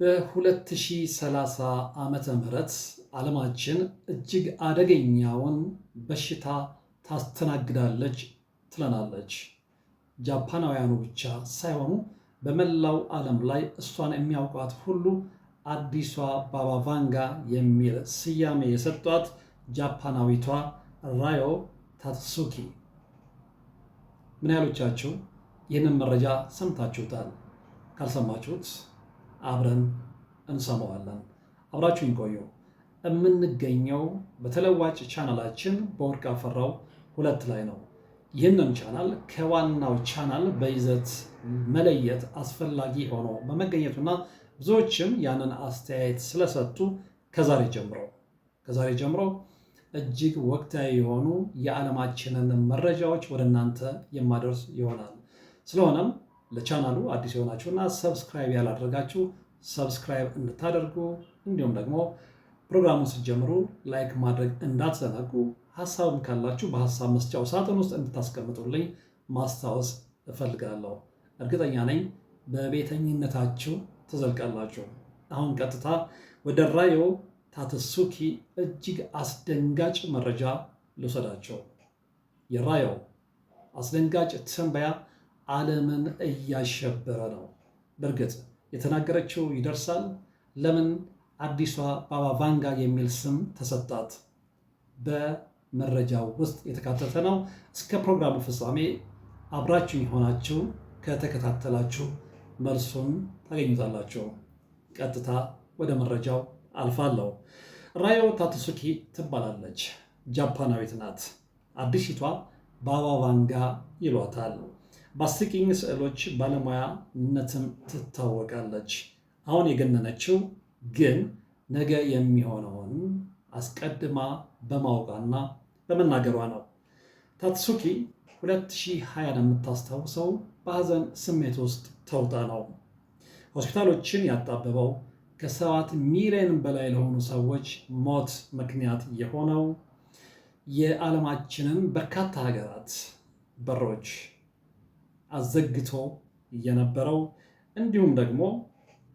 በ2030 ዓመተ ምህረት ዓለማችን እጅግ አደገኛውን በሽታ ታስተናግዳለች ትለናለች። ጃፓናውያኑ ብቻ ሳይሆኑ በመላው ዓለም ላይ እሷን የሚያውቋት ሁሉ አዲሷ ባባ ቫንጋ የሚል ስያሜ የሰጧት ጃፓናዊቷ ራዮ ታትሱኪ። ምን ያህሎቻችሁ ይህንን መረጃ ሰምታችሁታል? ካልሰማችሁት አብረን እንሰማዋለን። አብራችሁ ቆዩ። የምንገኘው በተለዋጭ ቻናላችን በወርቅ አፈራው ሁለት ላይ ነው። ይህንን ቻናል ከዋናው ቻናል በይዘት መለየት አስፈላጊ ሆኖ በመገኘቱና ብዙዎችም ያንን አስተያየት ስለሰጡ ከዛሬ ጀምሮ ከዛሬ ጀምሮ እጅግ ወቅታዊ የሆኑ የዓለማችንን መረጃዎች ወደ እናንተ የማደርስ ይሆናል። ስለሆነም ለቻናሉ አዲስ የሆናችሁ እና ሰብስክራይብ ያላደረጋችሁ ሰብስክራይብ እንድታደርጉ እንዲሁም ደግሞ ፕሮግራሙን ስትጀምሩ ላይክ ማድረግ እንዳትዘነጉ፣ ሀሳብም ካላችሁ በሀሳብ መስጫው ሳጥን ውስጥ እንድታስቀምጡልኝ ማስታወስ እፈልጋለሁ። እርግጠኛ ነኝ በቤተኝነታችሁ ትዘልቃላችሁ። አሁን ቀጥታ ወደ ራዮ ታተሱኪ እጅግ አስደንጋጭ መረጃ ልውሰዳቸው። የራዮ አስደንጋጭ ትንበያ ዓለምን እያሸበረ ነው። በእርግጥ የተናገረችው ይደርሳል። ለምን አዲሷ ባባ ቫንጋ የሚል ስም ተሰጣት? በመረጃው ውስጥ የተካተተ ነው። እስከ ፕሮግራሙ ፍጻሜ አብራችሁ የሆናችሁ ከተከታተላችሁ መልሱን ታገኙታላችሁ። ቀጥታ ወደ መረጃው አልፋለሁ። ራዮ ታትሱኪ ትባላለች። ጃፓናዊት ናት። አዲሲቷ ባባ ቫንጋ ይሏታል። በአስቂኝ ስዕሎች ባለሙያነትም ትታወቃለች። አሁን የገነነችው ግን ነገ የሚሆነውን አስቀድማ በማወቋና በመናገሯ ነው። ታትሱኪ 2020 የምታስታውሰው በሐዘን ስሜት ውስጥ ተውጣ ነው። ሆስፒታሎችን ያጣበበው ከሰባት ሚሊዮን በላይ ለሆኑ ሰዎች ሞት ምክንያት የሆነው የዓለማችንን በርካታ ሀገራት በሮች አዘግቶ የነበረው እንዲሁም ደግሞ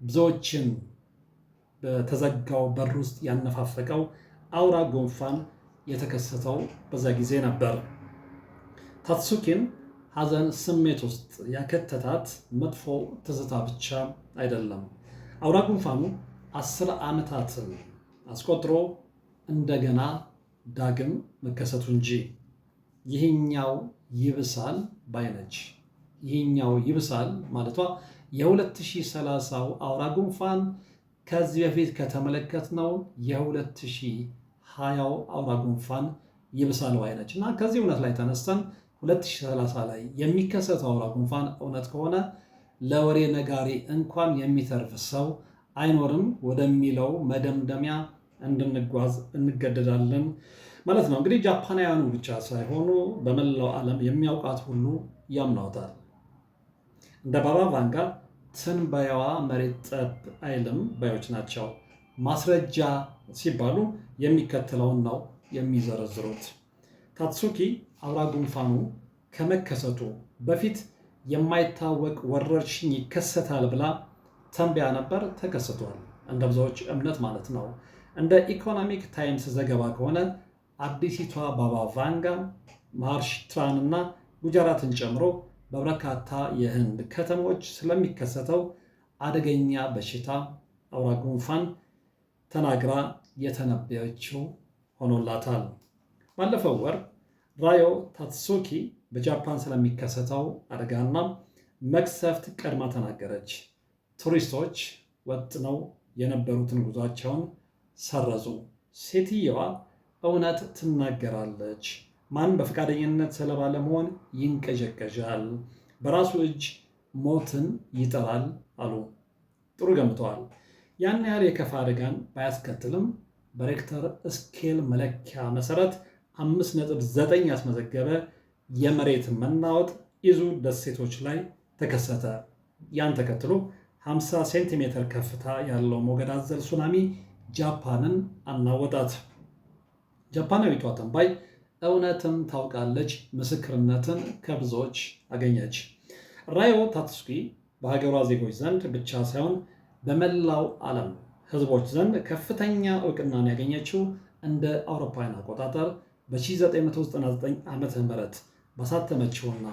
ብዙዎችን በተዘጋው በር ውስጥ ያነፋፈቀው አውራ ጉንፋን የተከሰተው በዛ ጊዜ ነበር። ታትሱኪን ሐዘን ስሜት ውስጥ ያከተታት መጥፎ ትዝታ ብቻ አይደለም። አውራ ጉንፋኑ አስር ዓመታትን አስቆጥሮ እንደገና ዳግም መከሰቱ እንጂ ይህኛው ይብሳል ባይነች። ይህኛው ይብሳል ማለቷ የ2030 አውራ ጉንፋን ከዚህ በፊት ከተመለከትነው የ2020 አውራ ጉንፋን ይብሳል ዋይ ነች እና ከዚህ እውነት ላይ ተነስተን 2030 ላይ የሚከሰተው አውራ ጉንፋን እውነት ከሆነ ለወሬ ነጋሪ እንኳን የሚተርፍ ሰው አይኖርም ወደሚለው መደምደሚያ እንድንጓዝ እንገደዳለን ማለት ነው። እንግዲህ ጃፓናውያኑ ብቻ ሳይሆኑ በመላው ዓለም የሚያውቃት ሁሉ ያምናውታል። እንደ ባባ ቫንጋ ትንበያዋ መሬት ጠብ አይልም ባዮች ናቸው። ማስረጃ ሲባሉ የሚከተለውን ነው የሚዘረዝሩት። ታትሱኪ አውራ ጉንፋኑ ከመከሰቱ በፊት የማይታወቅ ወረርሽኝ ይከሰታል ብላ ተንበያ ነበር። ተከስቷል፣ እንደ ብዙዎች እምነት ማለት ነው። እንደ ኢኮኖሚክ ታይምስ ዘገባ ከሆነ አዲሲቷ ባባ ቫንጋ ማርሽትራንና ጉጃራትን ጨምሮ በበርካታ የህንድ ከተሞች ስለሚከሰተው አደገኛ በሽታ አውራ ጉንፋን ተናግራ የተነበየችው ሆኖላታል። ባለፈው ወር ራዮ ታትሱኪ በጃፓን ስለሚከሰተው አደጋና መቅሰፍት ቀድማ ተናገረች። ቱሪስቶች ወጥነው የነበሩትን ጉዟቸውን ሰረዙ። ሴትየዋ እውነት ትናገራለች። ማን በፈቃደኝነት ሰለባ ለመሆን ይንቀዠቀዣል፣ በራሱ እጅ ሞትን ይጠራል አሉ። ጥሩ ገምተዋል። ያን ያህል የከፋ አደጋን ባያስከትልም በሬክተር ስኬል መለኪያ መሰረት 5.9 ያስመዘገበ የመሬት መናወጥ ይዙ ደሴቶች ላይ ተከሰተ። ያን ተከትሎ 50 ሴንቲሜትር ከፍታ ያለው ሞገድ አዘል ሱናሚ ጃፓንን አናወጣት። ጃፓናዊቷ ተንባይ እውነትን ታውቃለች፣ ምስክርነትን ከብዙዎች አገኘች። ራዮ ታትስኪ በሀገሯ ዜጎች ዘንድ ብቻ ሳይሆን በመላው ዓለም ህዝቦች ዘንድ ከፍተኛ እውቅናን ያገኘችው እንደ አውሮፓውያን አቆጣጠር በ1999 ዓ ም ባሳተመችውና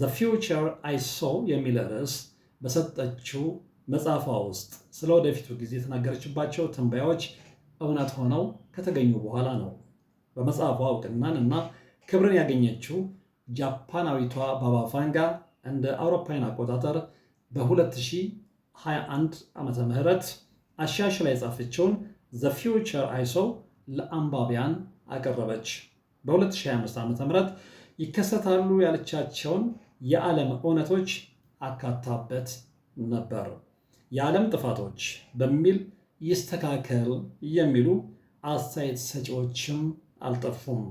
ዘ ፊውቸር አይ ሶው የሚል ርዕስ በሰጠችው መጽሐፏ ውስጥ ስለ ወደፊቱ ጊዜ የተናገረችባቸው ትንበያዎች እውነት ሆነው ከተገኙ በኋላ ነው። በመጽሐፏ እውቅናን እና ክብርን ያገኘችው ጃፓናዊቷ ባባ እንደ አውሮፓውያን አቆጣጠር በ2021 ም አሻሽ ላይ የጻፈችውን ዘ ፊውቸር አይሶ ለአንባቢያን አቀረበች። በ2025 ዓ ም ይከሰታሉ ያለቻቸውን የዓለም እውነቶች አካታበት ነበር። የዓለም ጥፋቶች በሚል ይስተካከል የሚሉ አስተያየት ሰጪዎችም አልጠፉም።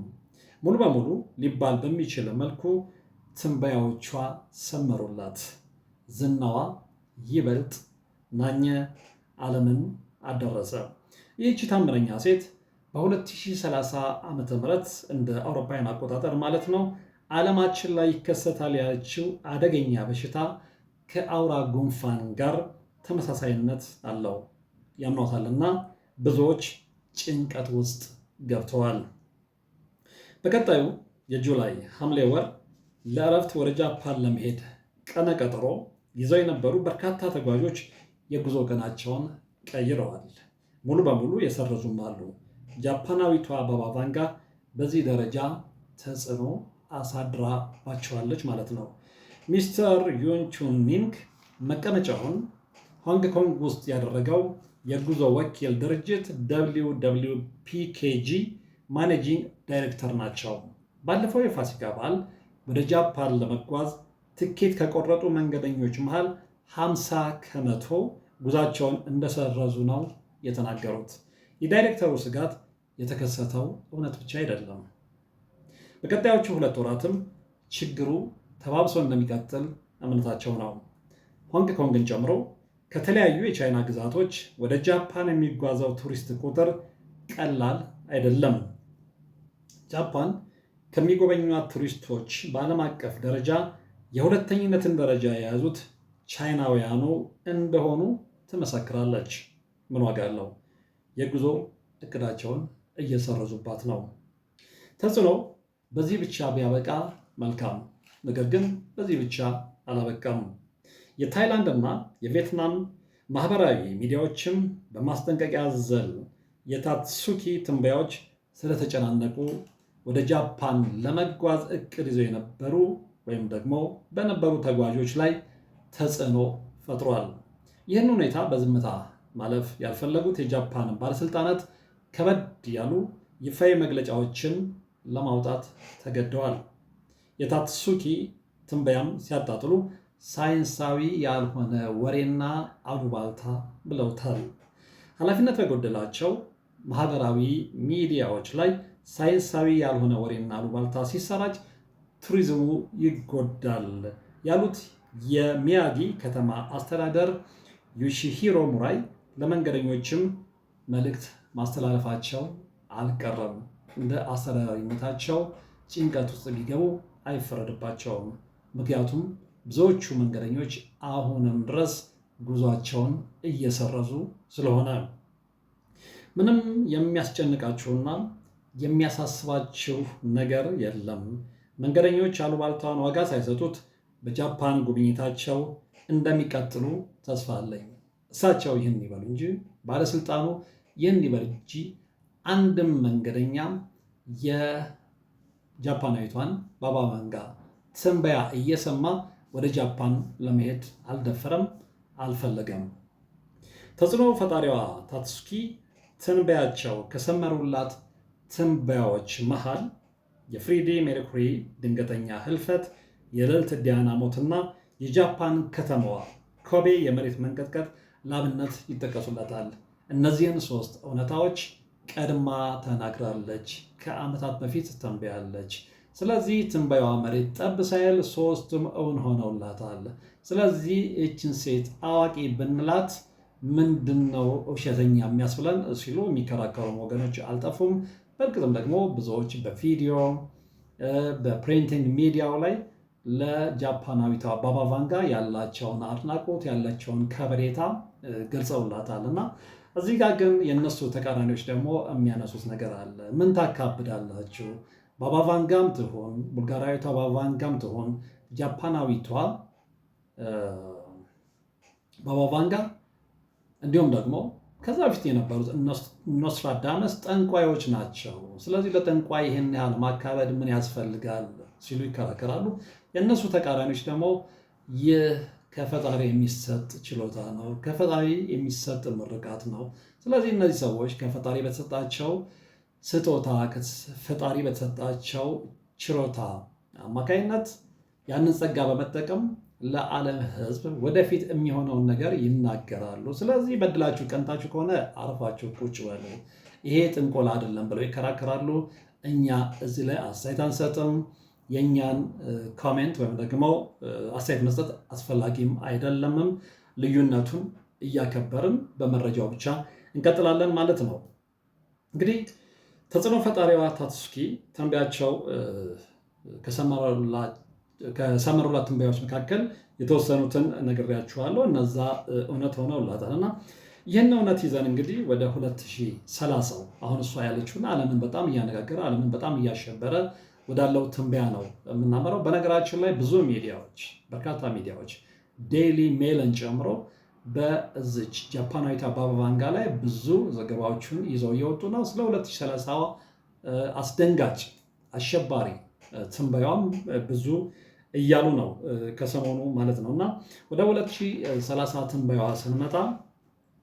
ሙሉ በሙሉ ሊባል በሚችል መልኩ ትንበያዎቿ ሰመሩላት። ዝናዋ ይበልጥ ናኘ፣ ዓለምን አደረሰ። ይህቺ ታምረኛ ሴት በ2030 ዓ ም እንደ አውሮፓውያን አቆጣጠር ማለት ነው ዓለማችን ላይ ይከሰታል ያለችው አደገኛ በሽታ ከአውራ ጉንፋን ጋር ተመሳሳይነት አለው። ያምኗታልና ብዙዎች ጭንቀት ውስጥ ገብተዋል። በቀጣዩ የጁላይ ሐምሌ ወር ለእረፍት ወደ ጃፓን ለመሄድ ቀነ ቀጠሮ ይዘው የነበሩ በርካታ ተጓዦች የጉዞ ቀናቸውን ቀይረዋል። ሙሉ በሙሉ የሰረዙም አሉ። ጃፓናዊቷ አበባ ቫንጋ በዚህ ደረጃ ተጽዕኖ አሳድራባቸዋለች ማለት ነው። ሚስተር ዩንቹን ሚንግ መቀመጫውን ሆንግ ኮንግ ውስጥ ያደረገው የጉዞ ወኪል ድርጅት ደብሊው ደብሊው ፒኬጂ ማኔጂንግ ዳይሬክተር ናቸው። ባለፈው የፋሲካ በዓል ወደ ጃፓን ለመጓዝ ትኬት ከቆረጡ መንገደኞች መሃል 50 ከመቶ ጉዛቸውን እንደሰረዙ ነው የተናገሩት። የዳይሬክተሩ ስጋት የተከሰተው እውነት ብቻ አይደለም። በቀጣዮቹ ሁለት ወራትም ችግሩ ተባብሶ እንደሚቀጥል እምነታቸው ነው። ሆንግ ኮንግን ጨምሮ ከተለያዩ የቻይና ግዛቶች ወደ ጃፓን የሚጓዘው ቱሪስት ቁጥር ቀላል አይደለም። ጃፓን ከሚጎበኟት ቱሪስቶች በዓለም አቀፍ ደረጃ የሁለተኝነትን ደረጃ የያዙት ቻይናውያኑ እንደሆኑ ትመሰክራለች። ምን ዋጋ አለው? የጉዞ እቅዳቸውን እየሰረዙባት ነው። ተጽዕኖ በዚህ ብቻ ቢያበቃ መልካም። ነገር ግን በዚህ ብቻ አላበቃም። የታይላንድ እና የቪየትናም ማህበራዊ ሚዲያዎችም በማስጠንቀቂያ ዘል የታትሱኪ ትንበያዎች ስለተጨናነቁ ወደ ጃፓን ለመጓዝ እቅድ ይዘው የነበሩ ወይም ደግሞ በነበሩ ተጓዦች ላይ ተጽዕኖ ፈጥሯል። ይህን ሁኔታ በዝምታ ማለፍ ያልፈለጉት የጃፓን ባለስልጣናት ከበድ ያሉ ይፋዊ መግለጫዎችን ለማውጣት ተገደዋል። የታትሱኪ ትንበያም ሲያጣጥሉ ሳይንሳዊ ያልሆነ ወሬና አሉባልታ ብለውታል። ኃላፊነት በጎደላቸው ማህበራዊ ሚዲያዎች ላይ ሳይንሳዊ ያልሆነ ወሬና አሉባልታ ሲሰራጭ ቱሪዝሙ ይጎዳል ያሉት የሚያጊ ከተማ አስተዳደር ዩሺሂሮ ሙራይ ለመንገደኞችም መልእክት ማስተላለፋቸው አልቀረም። እንደ አስተዳዳሪነታቸው ጭንቀት ውስጥ ቢገቡ አይፈረድባቸውም። ምክንያቱም ብዙዎቹ መንገደኞች አሁንም ድረስ ጉዟቸውን እየሰረዙ ስለሆነ ምንም የሚያስጨንቃችሁና የሚያሳስባችሁ ነገር የለም። መንገደኞች አሉባልታዋን ዋጋ ሳይሰጡት በጃፓን ጉብኝታቸው እንደሚቀጥሉ ተስፋ አለኝ። እሳቸው ይህን ይበሉ እንጂ ባለስልጣኑ ይህን ይበል እንጂ አንድም መንገደኛ የጃፓናዊቷን ባባ መንጋ ትንበያ እየሰማ ወደ ጃፓን ለመሄድ አልደፈረም፣ አልፈለገም። ተጽዕኖ ፈጣሪዋ ታትስኪ ትንበያቸው ከሰመሩላት ትንበያዎች መሃል የፍሬዲ ሜርኩሪ ድንገተኛ ህልፈት፣ የልዕልት ዲያና ሞትና የጃፓን ከተማዋ ኮቤ የመሬት መንቀጥቀጥ ላብነት ይጠቀሱለታል። እነዚህን ሶስት እውነታዎች ቀድማ ተናግራለች፣ ከዓመታት በፊት ተንበያለች። ስለዚህ ትንበያዋ መሬት ጠብ ሳይል ሶስቱም እውን ሆነውላታል። ስለዚህ ይችን ሴት አዋቂ ብንላት ምንድን ነው ውሸተኛ የሚያስብለን ሲሉ የሚከራከሩም ወገኖች አልጠፉም። እርግጥም ደግሞ ብዙዎች በቪዲዮ በፕሪንቲንግ ሚዲያው ላይ ለጃፓናዊቷ ባባ ቫንጋ ያላቸውን አድናቆት ያላቸውን ከበሬታ ገልጸውላታል እና እዚህ ጋር ግን የእነሱ ተቃራኒዎች ደግሞ የሚያነሱት ነገር አለ። ምን ታካብዳላችሁ? ባባ ቫንጋም ትሆን ቡልጋሪያዊቷ ባባ ቫንጋም ትሆን ጃፓናዊቷ ባባ ቫንጋ እንዲሁም ደግሞ ከዛ በፊት የነበሩት ኖስትራዳመስ ጠንቋዮች ናቸው፣ ስለዚህ ለጠንቋይ ይህን ያህል ማካበድ ምን ያስፈልጋል ሲሉ ይከራከራሉ። የእነሱ ተቃራኒዎች ደግሞ ይህ ከፈጣሪ የሚሰጥ ችሎታ ነው፣ ከፈጣሪ የሚሰጥ ምርቃት ነው። ስለዚህ እነዚህ ሰዎች ከፈጣሪ በተሰጣቸው ስጦታ ከፈጣሪ በተሰጣቸው ችሎታ አማካይነት ያንን ጸጋ በመጠቀም ለዓለም ሕዝብ ወደፊት የሚሆነውን ነገር ይናገራሉ። ስለዚህ በድላችሁ ቀንታችሁ ከሆነ አርፋችሁ ቁጭ በሉ፣ ይሄ ጥንቆል አይደለም ብለው ይከራከራሉ። እኛ እዚህ ላይ አስተያየት አንሰጥም። የእኛን ኮሜንት ወይም ደግሞ አስተያየት መስጠት አስፈላጊም አይደለምም። ልዩነቱን እያከበርን በመረጃው ብቻ እንቀጥላለን ማለት ነው። እንግዲህ ተጽዕኖ ፈጣሪዋ ታትስኪ ተንቢያቸው ከሰመረላ ከሰመር ሁለት ትንበያዎች መካከል የተወሰኑትን ነግሬያችኋለሁ። እነዛ እውነት ሆነውላታል እና ይህን እውነት ይዘን እንግዲህ ወደ 2030 አሁን እሷ ያለችውና ዓለምን በጣም እያነጋገረ ዓለምን በጣም እያሸበረ ወዳለው ትንበያ ነው የምናመራው። በነገራችን ላይ ብዙ ሚዲያዎች፣ በርካታ ሚዲያዎች ዴይሊ ሜልን ጨምሮ በዝች ጃፓናዊት አበባ ቫንጋ ላይ ብዙ ዘገባዎችን ይዘው እየወጡ ነው ስለ 2030 አስደንጋጭ አሸባሪ ትንበያዋም ብዙ እያሉ ነው ከሰሞኑ ማለት ነው እና ወደ 2030 ትንበያዋ ስንመጣ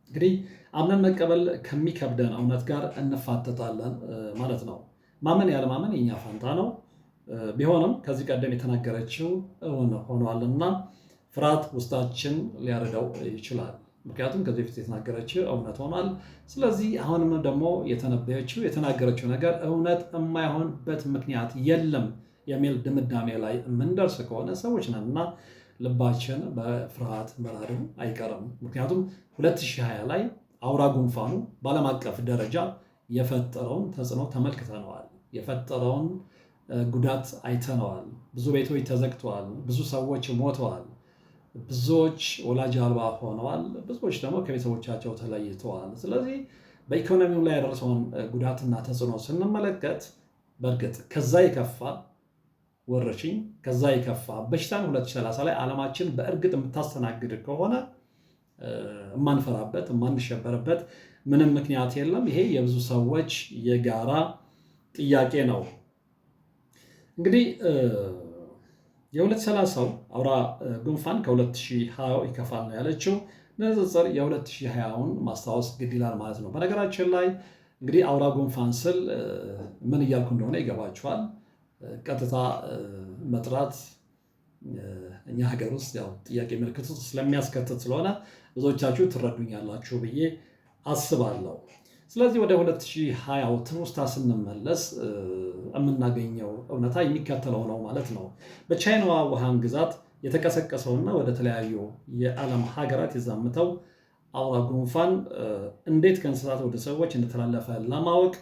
እንግዲህ አምነን መቀበል ከሚከብደን እውነት ጋር እንፋተታለን ማለት ነው። ማመን ያለማመን የኛ ፋንታ ነው። ቢሆንም ከዚህ ቀደም የተናገረችው እውን ሆኗልና ፍርሃት ውስጣችን ሊያረዳው ይችላል። ምክንያቱም ከዚህ በፊት የተናገረችው እውነት ሆኗል። ስለዚህ አሁንም ደግሞ የተነበየችው የተናገረችው ነገር እውነት የማይሆንበት ምክንያት የለም የሚል ድምዳሜ ላይ የምንደርስ ከሆነ ሰዎች ነን እና ልባችን በፍርሃት በረሃዱ አይቀርም። ምክንያቱም 2020 ላይ አውራ ጉንፋኑ በዓለም አቀፍ ደረጃ የፈጠረውን ተጽዕኖ ተመልክተነዋል። የፈጠረውን ጉዳት አይተነዋል። ብዙ ቤቶች ተዘግተዋል። ብዙ ሰዎች ሞተዋል። ብዙዎች ወላጅ አልባ ሆነዋል። ብዙዎች ደግሞ ከቤተሰቦቻቸው ተለይተዋል። ስለዚህ በኢኮኖሚው ላይ ያደረሰውን ጉዳትና ተጽዕኖ ስንመለከት በእርግጥ ከዛ የከፋ ወረርሽኝ ከዛ የከፋ በሽታን 2030 ላይ ዓለማችን በእርግጥ የምታስተናግድ ከሆነ የማንፈራበት የማንሸበርበት ምንም ምክንያት የለም። ይሄ የብዙ ሰዎች የጋራ ጥያቄ ነው እንግዲህ የ2030 አውራ ጉንፋን ከ2020 ይከፋል ነው ያለችው። ንጽጽር የ2020ውን ማስታወስ ግድ ይላል ማለት ነው። በነገራችን ላይ እንግዲህ አውራ ጉንፋን ስል ምን እያልኩ እንደሆነ ይገባችኋል። ቀጥታ መጥራት እኛ ሀገር ውስጥ ያው ጥያቄ ምልክቱ ስለሚያስከትት ስለሆነ ብዙዎቻችሁ ትረዱኛላችሁ ብዬ አስባለሁ። ስለዚህ ወደ 2020 ትውስታ ስንመለስ የምናገኘው እውነታ የሚከተለው ነው ማለት ነው። በቻይናዋ ውሃን ግዛት የተቀሰቀሰውና ወደ ተለያዩ የዓለም ሀገራት የዛምተው አውራ ጉንፋን እንዴት ከእንስሳት ወደ ሰዎች እንደተላለፈ ለማወቅ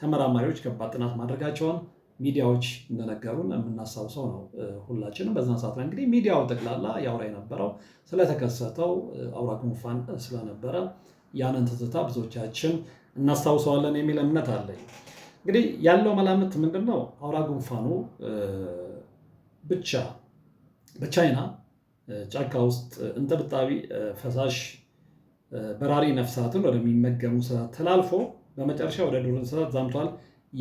ተመራማሪዎች ከባድ ጥናት ማድረጋቸውን ሚዲያዎች እንደነገሩን የምናስታውሰው ነው ሁላችንም። በዛ ሰዓት ላይ እንግዲህ ሚዲያው ጠቅላላ ያውራ የነበረው ስለተከሰተው አውራ ጉንፋን ስለነበረ ያንን ትዝታ ብዙዎቻችን እናስታውሰዋለን የሚል እምነት አለኝ። እንግዲህ ያለው መላምት ምንድን ነው? አውራ ጉንፋኑ ብቻ በቻይና ጫካ ውስጥ እንጥብጣቢ ፈሳሽ በራሪ ነፍሳትን ወደሚመገሙ እንስሳት ተላልፎ በመጨረሻ ወደ ዱር እንስሳት ዛምቷል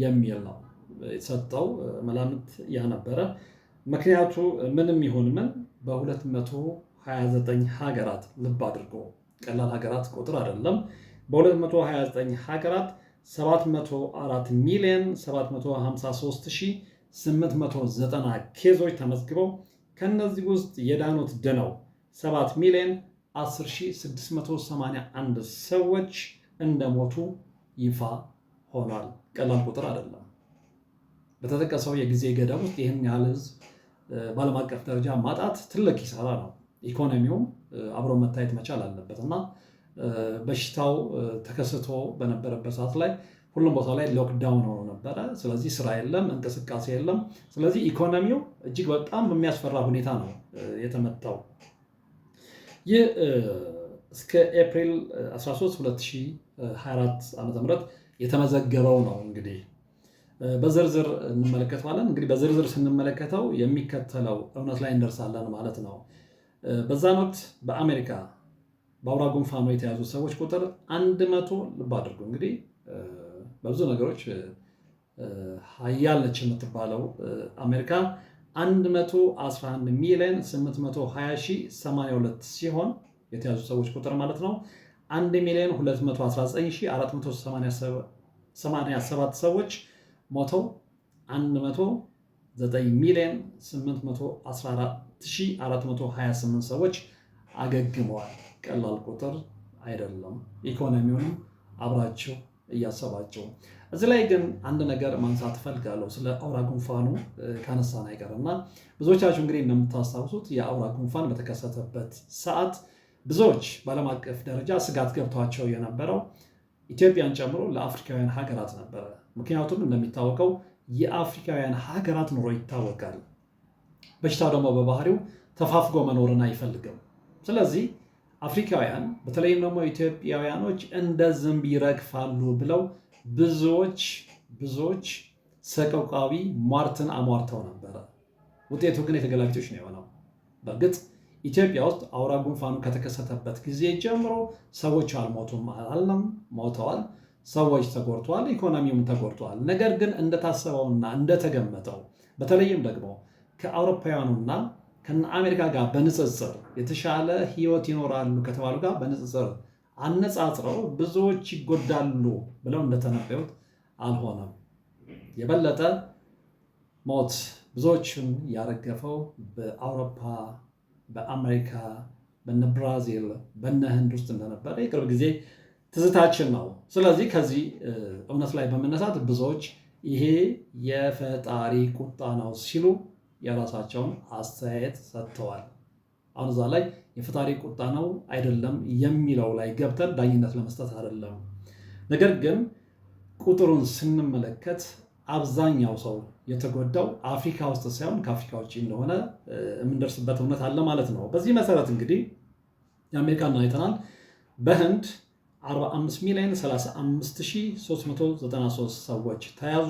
የሚል ነው የተሰጠው መላምት ያነበረ። ምክንያቱ ምንም ይሁን ምን በ229 ሀገራት ልብ አድርጎ ቀላል ሀገራት ቁጥር አይደለም በ229 ሀገራት 704 ሚሊዮን 753890 ኬዞች ተመዝግበው ከእነዚህ ውስጥ የዳኑት ድነው 7 ሚሊዮን 10681 ሰዎች እንደሞቱ ይፋ ሆኗል። ቀላል ቁጥር አይደለም። በተጠቀሰው የጊዜ ገደብ ውስጥ ይህን ያህል ህዝብ በዓለም አቀፍ ደረጃ ማጣት ትልቅ ኪሳራ ነው። ኢኮኖሚውም አብሮ መታየት መቻል አለበት እና በሽታው ተከስቶ በነበረበት ሰዓት ላይ ሁሉም ቦታ ላይ ሎክዳውን ሆኖ ነበረ። ስለዚህ ስራ የለም፣ እንቅስቃሴ የለም። ስለዚህ ኢኮኖሚው እጅግ በጣም በሚያስፈራ ሁኔታ ነው የተመታው። ይህ እስከ ኤፕሪል 13 2024 ዓ.ም የተመዘገበው ነው። እንግዲህ በዝርዝር እንመለከተዋለን። እንግዲህ በዝርዝር ስንመለከተው የሚከተለው እውነት ላይ እንደርሳለን ማለት ነው። በዛን ወቅት በአሜሪካ በአውራ ጉንፋኑ የተያዙ ሰዎች ቁጥር አንድ መቶ ልብ አድርጉ እንግዲህ በብዙ ነገሮች ሀያል ነች የምትባለው አሜሪካ 111 ሚሊዮን 82 ሲሆን የተያዙ ሰዎች ቁጥር ማለት ነው። 1 ሚሊዮን 219,487 ሰዎች ሞተው 109 ሚሊዮን 814,428 ሰዎች አገግመዋል። ቀላል ቁጥር አይደለም። ኢኮኖሚውንም አብራቸው እያሰባቸው እዚህ ላይ ግን አንድ ነገር ማንሳት እፈልጋለሁ። ስለ አውራ ጉንፋኑ ካነሳን አይቀር እና ብዙዎቻችሁ እንግዲህ እንደምታስታውሱት የአውራ ጉንፋን በተከሰተበት ሰዓት ብዙዎች በዓለም አቀፍ ደረጃ ስጋት ገብቷቸው የነበረው ኢትዮጵያን ጨምሮ ለአፍሪካውያን ሀገራት ነበረ። ምክንያቱም እንደሚታወቀው የአፍሪካውያን ሀገራት ኑሮ ይታወቃል። በሽታው ደግሞ በባህሪው ተፋፍጎ መኖርን አይፈልግም። ስለዚህ አፍሪካውያን በተለይም ደግሞ ኢትዮጵያውያኖች እንደ ዝንብ ይረግፋሉ ብለው ብዙዎች ብዙዎች ሰቆቃዊ ሟርትን አሟርተው ነበረ። ውጤቱ ግን የተገላቢጦች ነው የሆነው። በእርግጥ ኢትዮጵያ ውስጥ አውራ ጉንፋኑ ከተከሰተበት ጊዜ ጀምሮ ሰዎች አልሞቱም አላልንም፣ ሞተዋል። ሰዎች ተጎድተዋል፣ ኢኮኖሚውም ተጎድተዋል። ነገር ግን እንደታሰበውና እንደተገመተው በተለይም ደግሞ ከአውሮፓውያኑና ከአሜሪካ ጋር በንጽጽር የተሻለ ህይወት ይኖራሉ ከተባሉ ጋር በንጽጽር አነጻጽረው ብዙዎች ይጎዳሉ ብለው እንደተነበዩት አልሆነም። የበለጠ ሞት ብዙዎችን ያረገፈው በአውሮፓ፣ በአሜሪካ፣ በነ ብራዚል፣ በነ ህንድ ውስጥ እንደነበረ የቅርብ ጊዜ ትዝታችን ነው። ስለዚህ ከዚህ እውነት ላይ በመነሳት ብዙዎች ይሄ የፈጣሪ ቁጣ ነው ሲሉ የራሳቸውን አስተያየት ሰጥተዋል። አሁን እዛ ላይ የፈጣሪ ቁጣ ነው አይደለም የሚለው ላይ ገብተን ዳኝነት ለመስጠት አይደለም። ነገር ግን ቁጥሩን ስንመለከት አብዛኛው ሰው የተጎዳው አፍሪካ ውስጥ ሳይሆን ከአፍሪካ ውጭ እንደሆነ የምንደርስበት እውነት አለ ማለት ነው። በዚህ መሰረት እንግዲህ የአሜሪካን አይተናል። በህንድ 45 ሚሊዮን 35393 ሰዎች ተያዙ፣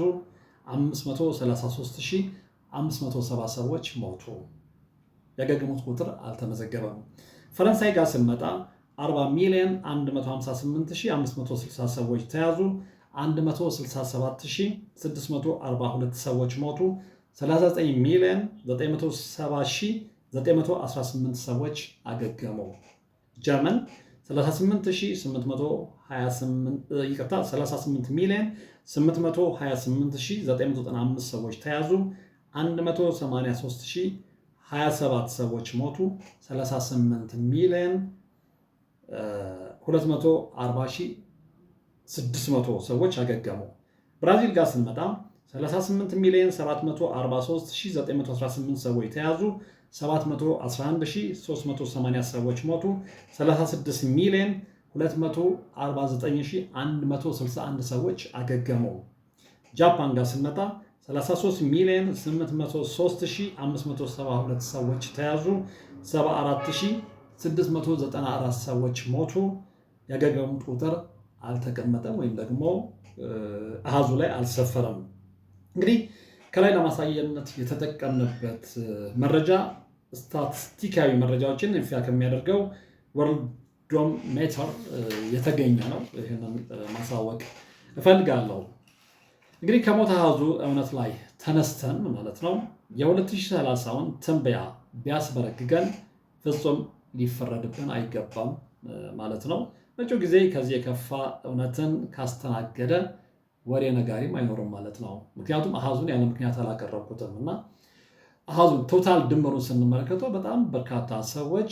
533 570 ሰዎች ሞቱ። የአገግሞት ቁጥር አልተመዘገበም። ፈረንሳይ ጋር ስንመጣ 40 ሚሊዮን 158560 ሰዎች ተያዙ፣ 167642 ሰዎች ሞቱ፣ 39 ሚሊዮን 970918 ሰዎች አገገሙ። ጀርመን 38 ሚሊዮን 828995 ሰዎች ተያዙ 183027 ሰዎች ሞቱ። 38 ሚሊዮን 240600 ሰዎች አገገሙ። ብራዚል ጋር ስንመጣ 38 ሚሊዮን 743918 ሰዎች ተያዙ። 711380 ሰዎች ሞቱ። 36 ሚሊዮን 249161 ሰዎች አገገሙ። ጃፓን ጋር ስንመጣ 33 ሚሊዮን 803572 ሰዎች ተያዙ። 74694 ሰዎች ሞቱ። የገገሙ ቁጥር አልተቀመጠም ወይም ደግሞ አሃዙ ላይ አልሰፈረም። እንግዲህ ከላይ ለማሳየነት የተጠቀምንበት መረጃ ስታትስቲካዊ መረጃዎችን እንፊያ ከሚያደርገው ሜተር የተገኘ ነው። ይህንን ማሳወቅ እፈልጋለሁ። እንግዲህ ከሞት አሃዙ እውነት ላይ ተነስተን ማለት ነው የ2030ውን ትንበያ ቢያስበረግገን ፍጹም ሊፈረድብን አይገባም ማለት ነው። መጪው ጊዜ ከዚህ የከፋ እውነትን ካስተናገደ ወሬ ነጋሪም አይኖርም ማለት ነው። ምክንያቱም አሃዙን ያለ ምክንያት አላቀረብኩትም እና አሃዙን ቶታል ድምሩን ስንመለከተው በጣም በርካታ ሰዎች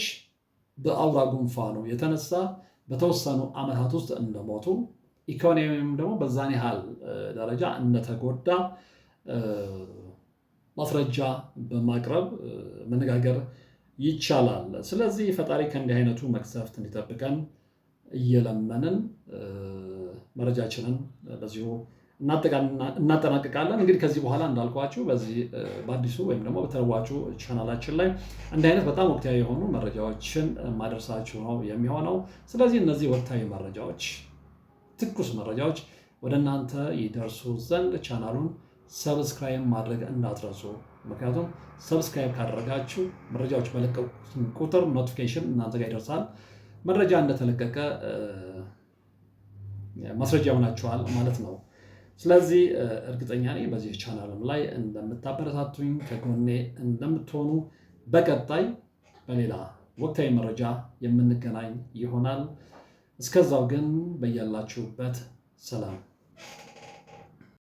በአውራ ጉንፋኑ የተነሳ በተወሰኑ ዓመታት ውስጥ እንደሞቱ ኢኮኖሚም ደግሞ በዛን ያህል ደረጃ እንደተጎዳ ማስረጃ በማቅረብ መነጋገር ይቻላል። ስለዚህ ፈጣሪ ከእንዲህ አይነቱ መቅሰፍት እንዲጠብቀን እየለመንን መረጃችንን በዚሁ እናጠናቅቃለን። እንግዲህ ከዚህ በኋላ እንዳልኳችሁ በዚህ በአዲሱ ወይም ደግሞ በተለዋጩ ቻናላችን ላይ እንዲህ አይነት በጣም ወቅታዊ የሆኑ መረጃዎችን ማደርሳችሁ ነው የሚሆነው። ስለዚህ እነዚህ ወቅታዊ መረጃዎች ትኩስ መረጃዎች ወደ እናንተ ይደርሱ ዘንድ ቻናሉን ሰብስክራይብ ማድረግ እንዳትረሱ። ምክንያቱም ሰብስክራይብ ካደረጋችሁ መረጃዎች በለቀቁ ቁጥር ኖቲፊኬሽን እናንተ ጋር ይደርሳል። መረጃ እንደተለቀቀ ማስረጃ ይሆናችኋል ማለት ነው። ስለዚህ እርግጠኛ ነኝ በዚህ ቻናልም ላይ እንደምታበረታቱኝ ከጎኔ እንደምትሆኑ፣ በቀጣይ በሌላ ወቅታዊ መረጃ የምንገናኝ ይሆናል። እስከዛው ግን በያላችሁበት ሰላም